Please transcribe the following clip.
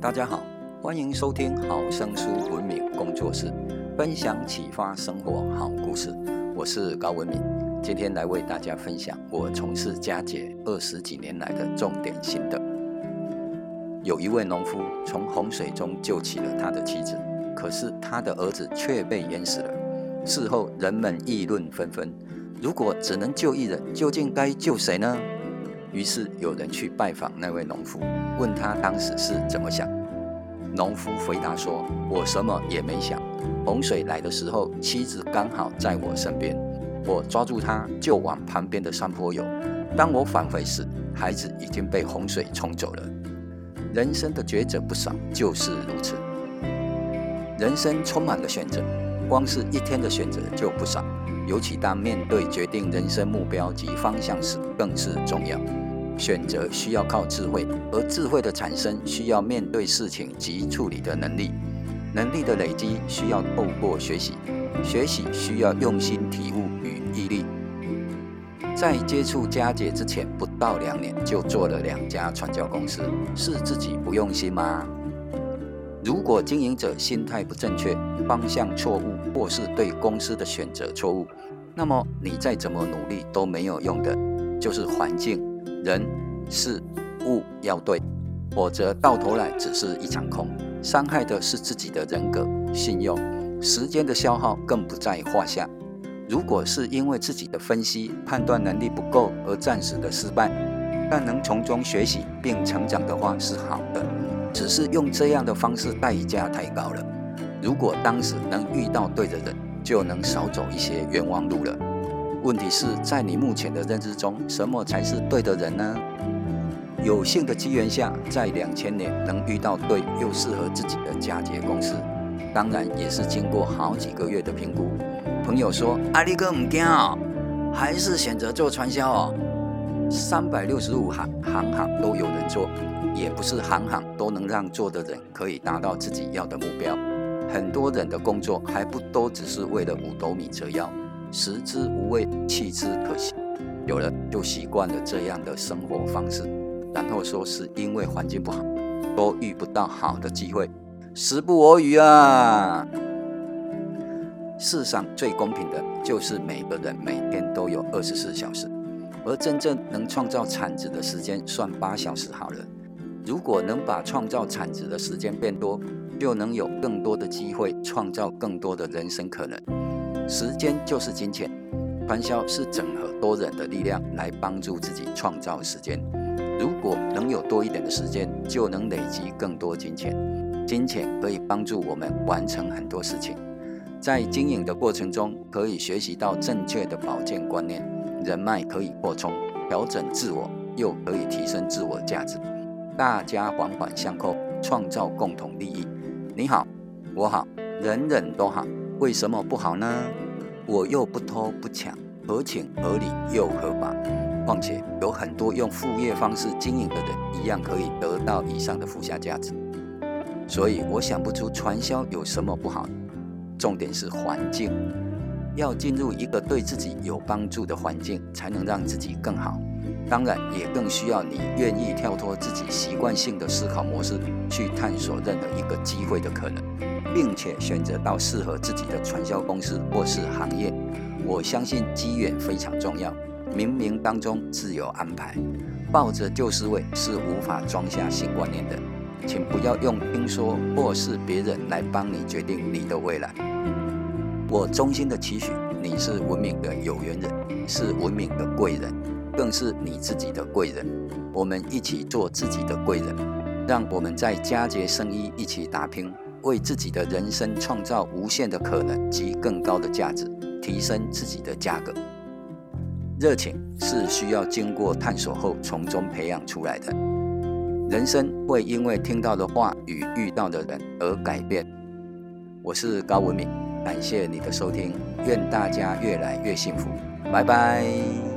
大家好，歡迎收聽好聲書文明工作室分享啟發生活好故事。我是高文明，今天來為大家分享我從事加捷二十幾年來的重點心得。有一位農夫從洪水中救起了他的妻子，可是他的兒子卻被淹死了。事後人們議論紛紛：如果只能救一人，究竟該救誰呢？於是有人去拜訪那位農夫，問他當時是怎麼想。農夫回答說：“我什麼也沒想，洪水來的時候，妻子剛好在我身邊，我抓住她就往旁邊的山坡游。當我返回時，孩子已經被洪水沖走了。”人生的抉擇不少就是如此。人生充滿了選擇。光是一天的選擇就不少，尤其當面對決定人生目標及方向時，更是重要。選擇需要靠智慧，而智慧的產生需要面對事情及處理的能力。能力的累積需要透過學習，學習需要用心體悟與毅力。在接觸加捷之前不到兩年，就做了兩家傳銷公司，是自己不用心嗎？如果經營者心態不正確，方向錯誤，或是對公司的選擇錯誤，那麼你再怎麼努力都沒有用的。就是環境、人、事、物要對，否則到頭來只是一場空，傷害的是自己的人格、信用，時間的消耗更不在話下。如果是因為自己的分析判斷能力不夠而暫時的失敗，但能從中學習並成長的話是好的。只是用這樣的方式，代價太高了。如果當時能遇到對的人，就能少走一些冤枉路了。問題是在你目前的認知中，什麼才是對的人呢？有幸的機緣下，在兩千年能遇到對又適合自己的加捷公司，當然也是經過好幾個月的評估。朋友說：“阿力哥唔驚啊還不、哦，還是選擇做傳銷哦。”三百六十五行，行行都有人做，也不是行行都能讓做的人可以達到自己要的目標。很多人的工作還不都只是為了五斗米折腰，食之無味，棄之可惜。有人就習慣了這樣的生活方式，然後說是因為環境不好，都遇不到好的機會，時不我與啊！世上最公平的就是每個人每天都有二十四小時。而真正能創造產值的時間算八小時好了。如果能把創造產值的時間變多，就能有更多的機會創造更多的人生可能。時間就是金錢，傳銷是整合多人的力量來幫助自己創造時間。如果能有多一點的時間，就能累積更多金錢。金錢可以幫助我們完成很多事情，在經營的過程中可以學習到正確的保健觀念。人脈可以擴充，調整自我，又可以提升自我價值。大家環環相扣，創造共同利益。你好，我好，人人都好，為什麼不好呢？我又不偷不搶，合情合理又合法。況且有很多用副業方式經營的人，一樣可以得到以上的附加價值。所以我想不出傳銷有什麼不好。重點是環境。要進入一個對自己有幫助的環境，才能讓自己更好。當然，也更需要你願意跳脫自己習慣性的思考模式，去探索任何一個機會的可能，並且選擇到適合自己的傳銷公司或是行業。我相信機緣非常重要，冥冥當中自有安排。抱着舊思維是無法裝下新觀念的，請不要用聽說或是別人來幫你決定你的未來。我衷心的期許，你是文明的有緣人，是文明的貴人，更是你自己的貴人。我們一起做自己的貴人，讓我們在加捷生意一起打拼，為自己的人生創造無限的可能及更高的價值，提升自己的價格。熱情是需要經過探索後從中培養出來的。人生會因為聽到的話語、遇到的人而改變。我是高文明。感謝你的收聽，願大家越來越幸福，拜拜。